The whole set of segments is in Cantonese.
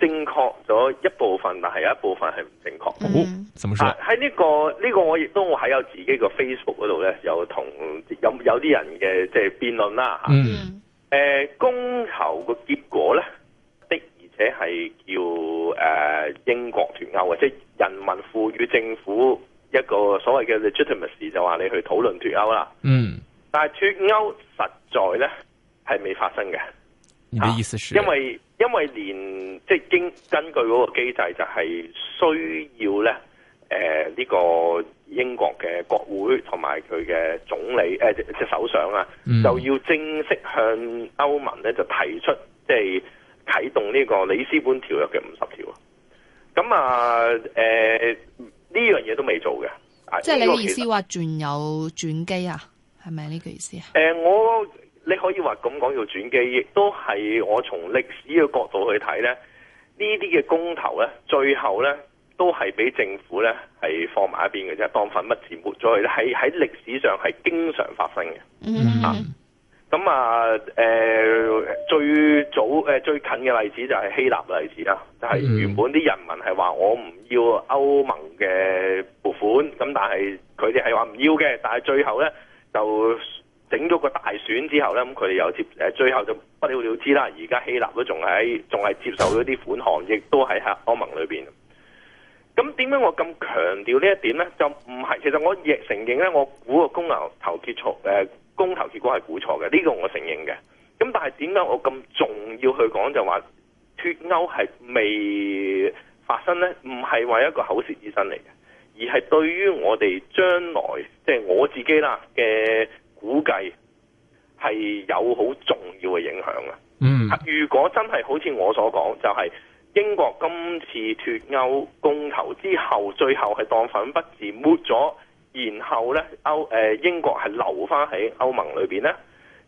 正確咗一部分，但係有一部分係唔正確。嗯，怎麼說？喺呢個呢個，這個、我亦都我喺有自己個 Facebook 嗰度咧，有同有有啲人嘅即係辯論啦。嗯。誒、呃，公投個結果咧，的而且係叫誒、呃、英國脫歐嘅，即係人民賦予政府一個所謂嘅 legitimacy 就話你去討論脫歐啦。嗯。但係脫歐實在咧係未發生嘅。你的意思是？啊、因為。因為連即係經根據嗰個機制，就係需要咧，誒、呃、呢、這個英國嘅國會同埋佢嘅總理即係、呃、首相啊、嗯，就要正式向歐盟咧就提出，即係啟動呢個里斯本條約嘅五十條啊。咁啊，誒呢樣嘢都未做嘅，即係你意思話仲有轉機啊？係咪呢個意思啊？誒、呃，我。你可以話咁講要轉機，亦都係我從歷史嘅角度去睇呢呢啲嘅公投呢，最後呢都係俾政府呢係放埋一邊嘅啫，當粉筆字抹咗去咧，係喺歷史上係經常發生嘅。咁、mm -hmm. 啊，啊、呃，最早最近嘅例子就係希臘例子啦，就係、是、原本啲人民係話我唔要歐盟嘅撥款，咁但係佢哋係話唔要嘅，但係最後呢就。整咗個大選之後呢，咁佢哋又接誒，最後就不了了之啦。而家希臘都仲喺，仲係接受咗啲款項，亦都喺喺歐盟裏邊。咁點解我咁強調呢一點呢？就唔係，其實我亦承認呢，我估個公牛頭結束，誒，公投結果係估錯嘅，呢、這個我承認嘅。咁但係點解我咁重要去講就話脱歐係未發生呢？唔係話一個口舌之爭，嚟嘅，而係對於我哋將來，即、就、係、是、我自己啦嘅。的估計係有好重要嘅影響啊！嗯，如果真係好似我所講，就係、是、英國今次脱歐公投之後，最後係當粉筆字抹咗，然後呢歐誒、呃、英國係留返喺歐盟裏邊呢，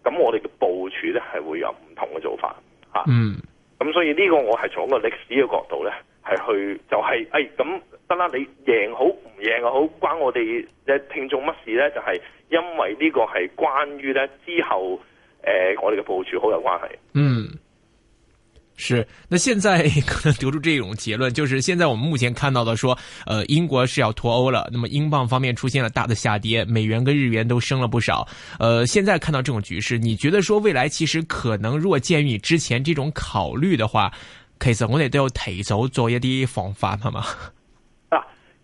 咁我哋嘅部署呢係會有唔同嘅做法嚇、啊。嗯，咁所以呢個我係從一個歷史嘅角度呢，係去就係誒咁。哎得啦，你贏好唔贏好，關我哋嘅聽眾乜事呢？就係、是、因為呢個係關於咧之後誒、呃，我哋嘅部署好有關係。嗯，是。那現在可能得出這種結論，就是現在我們目前看到的說，說、呃，英國是要脱歐了，那麼英鎊方面出現了大的下跌，美元跟日元都升了不少。誒、呃，現在看到這種局勢，你覺得說未來其實可能如果鑒於你之前這種考慮的話，其實我哋都要提早做一啲防範，係嘛？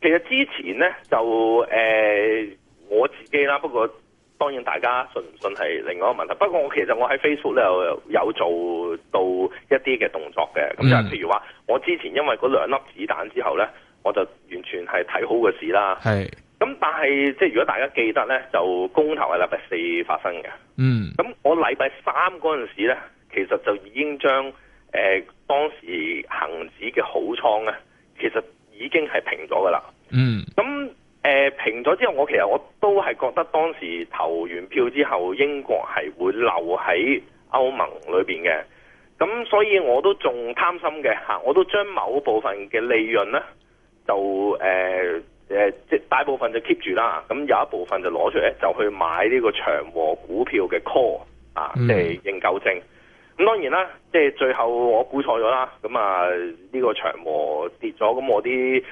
其實之前咧就誒、呃、我自己啦，不過當然大家信唔信係另外一個問題。不過我其實我喺 Facebook 咧有，有做到一啲嘅動作嘅，咁就譬如話，我之前因為嗰兩粒子彈之後咧，我就完全係睇好個市啦。係。咁但係即係如果大家記得咧，就公投係禮拜四發生嘅。嗯。咁我禮拜三嗰陣時咧，其實就已經將誒、呃、當時恒指嘅好倉咧，其實。已經係平咗噶啦，嗯，咁誒、呃、平咗之後，我其實我都係覺得當時投完票之後，英國係會留喺歐盟裏邊嘅，咁所以我都仲貪心嘅吓，我都將某部分嘅利潤呢，就誒誒即大部分就 keep 住啦，咁有一部分就攞出嚟就去買呢個長和股票嘅 call 啊，即、嗯、係認購證。咁當然啦，即係最後我估錯咗啦。咁啊，呢個長和跌咗，咁我啲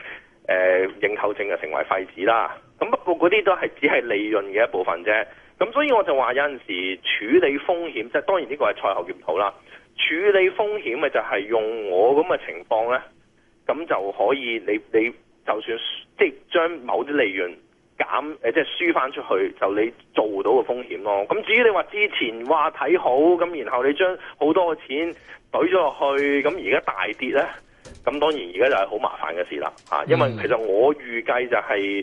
誒認購證就成為廢紙啦。咁不過嗰啲都係只係利潤嘅一部分啫。咁所以我就話有陣時處理風險，即係當然呢個係賽後檢討啦。處理風險咪就係用我咁嘅情況咧，咁就可以你你就算即係將某啲利潤。減誒即係輸翻出去，就你做到嘅風險咯。咁至於你話之前話睇好，咁然後你將好多嘅錢懟咗落去，咁而家大跌呢？咁當然而家就係好麻煩嘅事啦、吓。因為其實我預計就係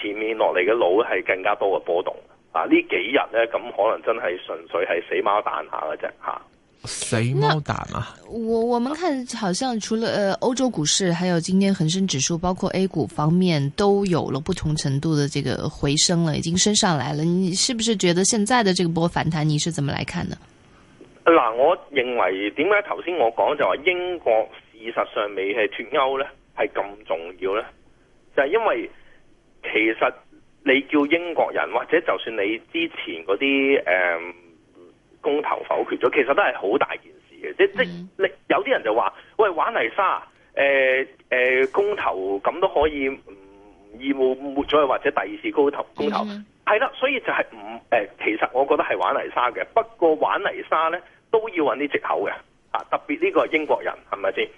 前面落嚟嘅路係更加多嘅波動。啊，呢幾日呢，咁可能真係純粹係死貓彈下嘅啫，吓死貓蛋啊！我我們看，好像除了，呃歐洲股市，還有今天恒生指數，包括 A 股方面，都有了不同程度的這個回升了，已經升上來了。你是不是覺得現在的這個波反彈，你是怎麼來看呢？嗱，我認為點解頭先我講就話英國事實上未係脫歐呢？係咁重要呢？就係、是、因為其實你叫英國人，或者就算你之前嗰啲，誒、嗯。公投否決咗，其實都係好大件事嘅。即即你、mm -hmm. 有啲人就話，喂，玩泥沙，誒、呃、誒、呃，公投咁都可以，唔、嗯、義務抹咗，或者第二次高投公投，係、mm、啦 -hmm.。所以就係唔誒，其實我覺得係玩泥沙嘅。不過玩泥沙咧，都要搵啲藉口嘅啊。特別呢個英國人係咪先？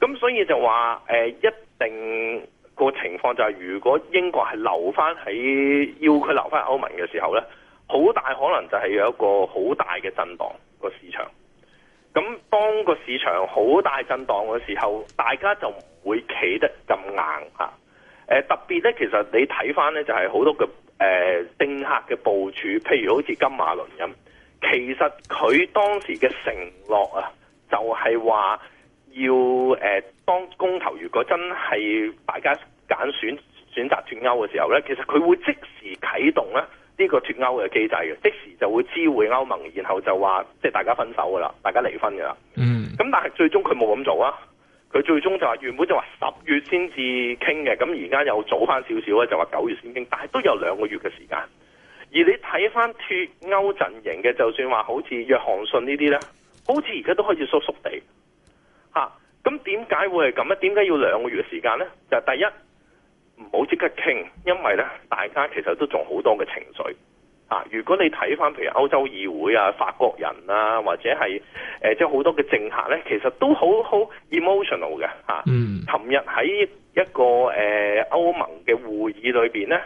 咁所以就話誒、呃，一定個情況就係，如果英國係留返喺要佢留返喺歐盟嘅時候咧。好大可能就係有一個好大嘅震蕩個市場，咁當個市場好大震蕩嘅時候，大家就唔會企得咁硬啊、呃！特別呢，其實你睇翻呢，就係、是、好多嘅、誒政客嘅部署，譬如好似金馬倫咁，其實佢當時嘅承諾啊，就係、是、話要誒、呃、當公投如果真係大家揀選選擇脫歐嘅時候呢，其實佢會即時啟動呢呢、這個脱歐嘅機制嘅，即時就會知會歐盟，然後就話即係大家分手噶啦，大家離婚噶啦。嗯。咁但係最終佢冇咁做啊，佢最終就話原本就話十月先至傾嘅，咁而家又早翻少少咧，就話九月先傾，但係都有兩個月嘅時間。而你睇翻脱歐陣營嘅，就算話好似約翰遜呢啲咧，好似而家都可以縮縮地嚇。咁點解會係咁咧？點解要兩個月嘅時間咧？就係、第一。唔好即刻傾，因為咧，大家其實都仲好多嘅情緒啊！如果你睇翻譬如歐洲議會啊、法國人啊，或者係即係好多嘅政客咧，其實都好好 emotional 嘅嚇、啊。嗯。琴日喺一個誒、呃、歐盟嘅會議裏面咧，呢、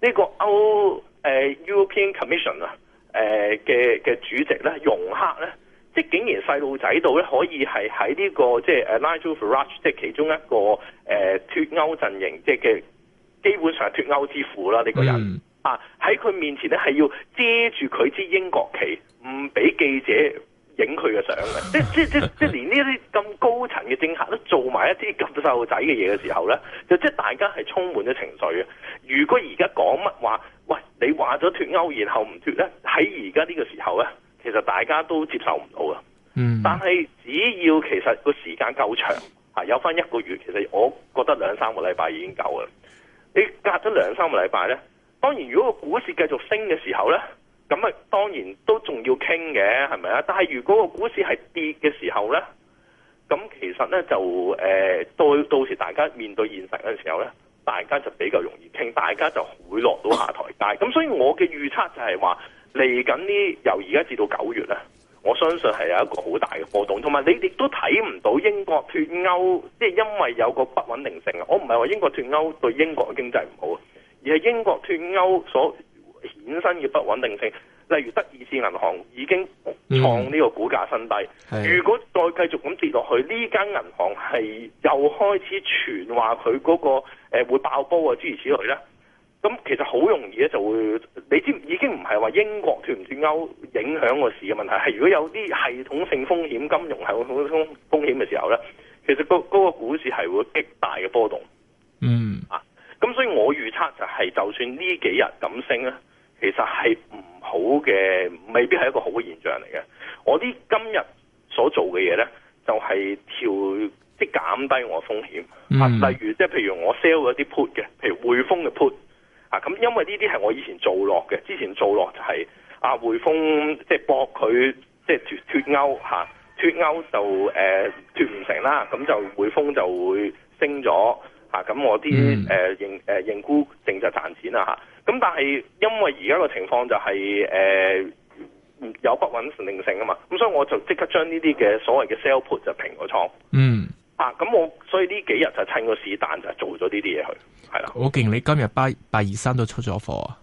呢個歐、呃、European Commission 啊嘅嘅主席咧，容克咧，即係竟然細路仔度咧可以係喺呢個即係 Nigel Farage，即係其中一個誒脱、呃、歐陣營即嘅。基本上係脱歐之父啦，呢個人、mm -hmm. 啊喺佢面前咧係要遮住佢支英國旗，唔俾記者影佢嘅相。 即，即即即即連呢啲咁高層嘅政客都做埋一啲咁細路仔嘅嘢嘅時候咧，就即大家係充滿咗情緒嘅。如果而家講乜話，喂你話咗脱歐，然後唔脱咧，喺而家呢個時候咧，其實大家都接受唔到啊。嗯、mm -hmm.，但係只要其實個時間夠長、啊、有翻一個月，其實我覺得兩三個禮拜已經夠啦。你隔咗兩三個禮拜呢，當然如果個股市繼續升嘅時候呢，咁啊當然都仲要傾嘅，係咪啊？但係如果個股市係跌嘅時候呢，咁其實呢，就誒、呃、到到時大家面對現實嘅時候呢，大家就比較容易傾，大家就會落到下台階。咁所以我嘅預測就係話，嚟緊呢由而家至到九月呢，我相信係有一個好大嘅波動，同埋你亦都睇唔到英國脫歐，即係因為有個不穩定性啊！我唔係話英國脫歐對英國嘅經濟唔好啊，而係英國脫歐所衍生嘅不穩定性，例如德意志銀行已經創呢個股價新低，如果再繼續咁跌落去，呢間銀行係又開始傳話佢嗰個誒會爆煲啊，諸如此類咧。咁其實好容易咧，就會你知已經唔係話英國脫唔脫歐影響個市嘅問題，係如果有啲系統性風險、金融系統風險嘅時候咧，其實個嗰個股市係會極大嘅波動。嗯啊，咁所以我預測就係、是，就算呢幾日咁升咧，其實係唔好嘅，未必係一個好嘅現象嚟嘅。我啲今日所做嘅嘢咧，就係調即係減低我風險、啊、例如即係譬如我 sell 一啲 put 嘅，譬如匯豐嘅 put。咁因為呢啲係我以前做落嘅，之前做落就係、是、啊匯豐即係搏佢即係脫脫歐脫脫歐、啊、就誒脫唔成啦，咁就匯豐就會升咗嚇，咁、啊、我啲誒認認沽淨就賺錢啦咁、啊、但係因為而家個情況就係、是、誒、呃、有不穩定性啊嘛，咁所以我就即刻將呢啲嘅所謂嘅 sell put 就平咗倉。嗯啊！咁我所以呢幾日就趁個是但就做咗呢啲嘢去，係啦。我見你今日八八二三都出咗貨、啊，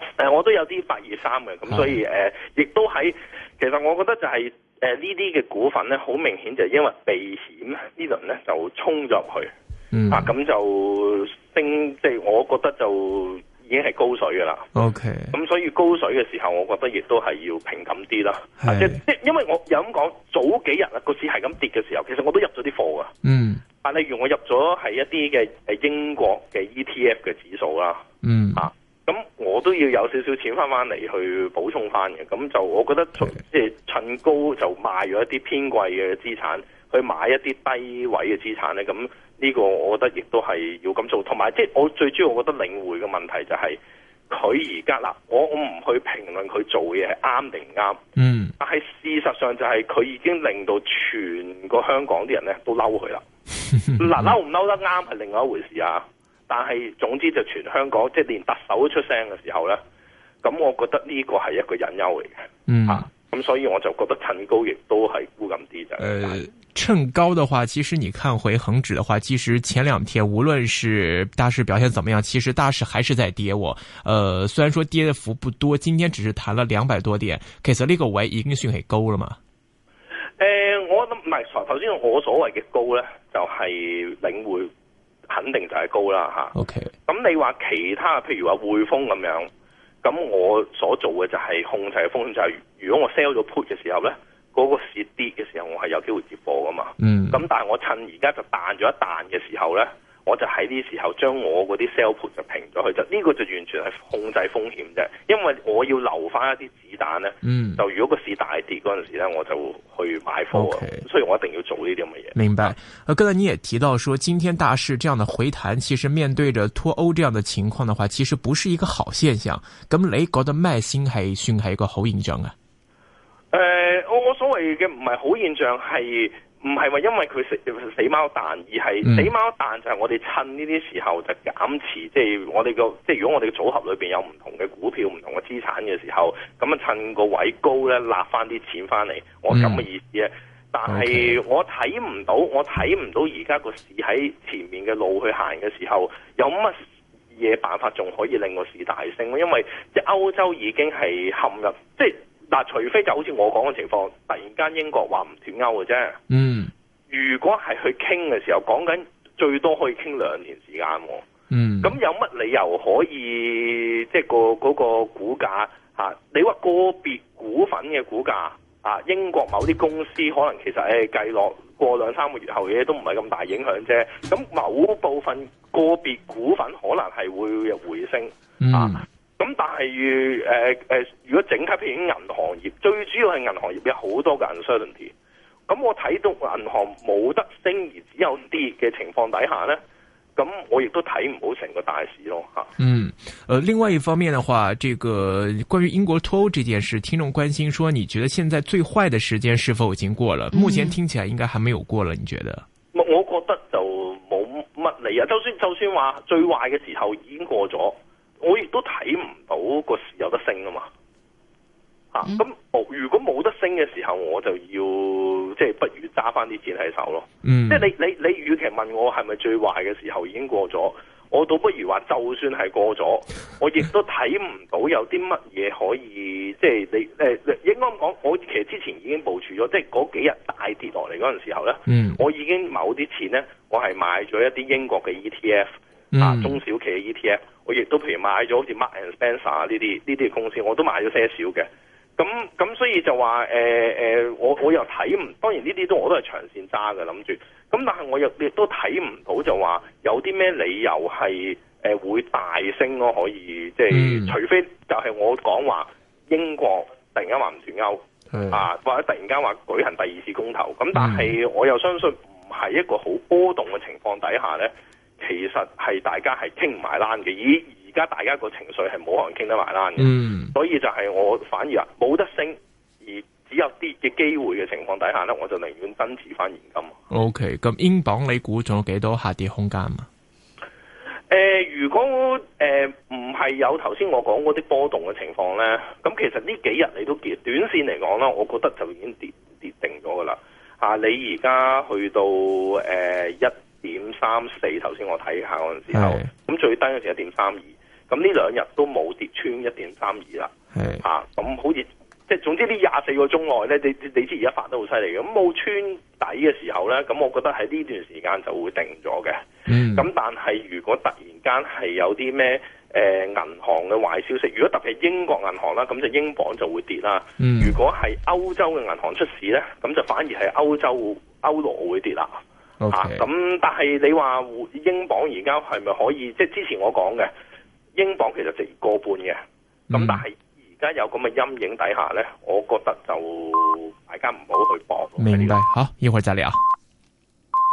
誒、呃，我都有啲八二三嘅，咁所以誒、呃，亦都喺。其實我覺得就係誒呢啲嘅股份咧，好明顯就係因為避險呢輪咧就衝咗入去，嗯、啊咁就升。即、就、係、是、我覺得就。已經係高水噶啦，OK，咁、嗯、所以高水嘅時候，我覺得亦都係要平靜啲啦。即即、啊，因為我有咁講，早幾日啦、啊，個市係咁跌嘅時候，其實我都入咗啲貨噶。嗯，但、啊、例如我入咗係一啲嘅誒英國嘅 ETF 嘅指數啦。嗯啊，咁我都要有少少錢翻翻嚟去補充翻嘅。咁就我覺得，即係趁高就賣咗一啲偏貴嘅資產，去買一啲低位嘅資產咧。咁。呢個我覺得亦都係要咁做，同埋即係我最主要我覺得領會嘅問題就係佢而家嗱，我我唔去評論佢做嘢係啱定唔啱，嗯，但係事實上就係佢已經令到全個香港啲人咧都嬲佢啦，嗱嬲唔嬲得啱係另外一回事啊，但係總之就全香港即係連特首都出聲嘅時候咧，咁我覺得呢個係一個隱憂嚟嘅，嗯啊。咁、嗯、所以我就覺得趁高亦都係沽咁啲就。誒、呃，趁高嘅話，其實你看回恒指嘅話，其實前兩天無論是大市表現怎麼樣，其實大市還是在跌。我、呃，呃雖然說跌的幅不多，今天只是彈了兩百多點。其實呢個位已經算係高啦嘛？誒、呃，我諗唔係，頭先我所謂嘅高咧，就係、是、領會肯定就係高啦吓。OK、嗯。咁你話其他，譬如話匯豐咁樣。咁我所做嘅就係控制嘅風險，就係，如果我 sell 咗 put 嘅時候咧，嗰、那個市跌嘅時候我係有機會接貨噶嘛。咁、嗯、但係我趁而家就彈咗一彈嘅時候咧。我就喺呢時候將我嗰啲 sell put 就平咗佢，就、這、呢個就完全係控制風險啫。因為我要留翻一啲子彈，嗯，就如果個市大跌嗰陣時我就去買貨，okay, 所以我一定要做呢啲咁嘅嘢。明白。啊，剛才你也提到說，今天大市這樣的回彈，其實面對着脱歐這樣的情況的話，其實不是一個好現象。咁你覺得咩先係算係一個好現象啊？誒、呃，我所謂嘅唔係好現象係。唔係話因為佢死死貓彈，而係死貓彈就係我哋趁呢啲時候就減持、嗯，即係我哋個即係如果我哋嘅組合裏邊有唔同嘅股票、唔同嘅資產嘅時候，咁啊趁個位高咧攬翻啲錢翻嚟，我咁嘅意思啊、嗯。但係我睇唔到，okay. 我睇唔到而家個市喺前面嘅路去行嘅時候有乜嘢辦法仲可以令個市大升？因為即係歐洲已經係陷入即係。嗱，除非就好似我講嘅情況，突然間英國話唔脫歐嘅啫。嗯，如果係去傾嘅時候，講緊最多可以傾兩年時間。嗯，咁有乜理由可以即係個嗰個股價吓？你話個別股份嘅股價啊，英國某啲公司可能其實誒計落過兩三個月後嘢都唔係咁大影響啫。咁某部分個別股份可能係會回升。嗯、啊。咁但係，誒、呃、誒、呃，如果整體譬如銀行業，最主要係銀行業有好多嘅 uncertainty。咁我睇到銀行冇得升而只有跌嘅情況底下咧，咁我亦都睇唔到成個大市咯吓。嗯，誒、呃，另外一方面的話，這個關於英國脫歐這件事，聽眾關心說，你覺得現在最壞的時間是否已經過了、嗯？目前聽起來應該還沒有過了，你覺得？我我覺得就冇乜理啊。就算就算話最壞嘅時候已經過咗。我亦都睇唔到個市有得升啊嘛，嚇、嗯！咁、啊哦，如果冇得升嘅時候，我就要即係、就是、不如揸翻啲錢喺手咯。嗯、即係你你你，你你你與其問我係咪最壞嘅時候已經過咗，我倒不如話，就算係過咗，我亦都睇唔到有啲乜嘢可以，即係你誒，你你應該講我其實之前已經部署咗，即係嗰幾日大跌落嚟嗰陣時候咧，嗯，我已經某啲錢咧，我係買咗一啲英國嘅 ETF。啊，中小企嘅 ETF，我亦都譬如買咗好似 Mark and Spencer 呢啲呢啲公司，我都買咗些少嘅。咁咁，所以就話誒誒，我我又睇唔，當然呢啲都我都係長線揸嘅，諗住。咁但係我又亦都睇唔到就，就話有啲咩理由係誒、呃、會大升咯，可以即係、就是嗯，除非就係我講話英國突然間話唔脫歐，啊或者突然間話舉行第二次公投。咁但係我又相信唔係一個好波動嘅情況底下咧。其實係大家係傾唔埋欄嘅，而而家大家個情緒係冇可能傾得埋欄嘅，所以就係我反而啊冇得升，而只有跌嘅機會嘅情況底下呢，我就寧願增持翻現金。O K. 咁英鎊你估仲有幾多下跌空間啊？誒、呃，如果誒唔係有頭先我講嗰啲波動嘅情況呢，咁其實呢幾日你都跌，短線嚟講啦，我覺得就已經跌跌定咗噶啦。啊，你而家去到誒、呃、一。點三四，頭先我睇下嗰陣時候，咁最低嗰時一點三二，咁呢兩日都冇跌穿一點三二啦，係吓，咁、啊、好似即係，總之24呢廿四個鐘內咧，你你知而家發得好犀利嘅，咁冇穿底嘅時候咧，咁我覺得喺呢段時間就會定咗嘅，咁、嗯、但係如果突然間係有啲咩誒銀行嘅壞消息，如果特別係英國銀行啦，咁就英鎊就會跌啦、嗯，如果係歐洲嘅銀行出事咧，咁就反而係歐洲歐羅會，會跌啦。咁、okay. 啊、但係你話英鎊而家係咪可以？即係之前我講嘅，英鎊其實值過半嘅。咁、嗯、但係而家有咁嘅陰影底下呢，我覺得就大家唔好去搏。明白，好，一會再聊。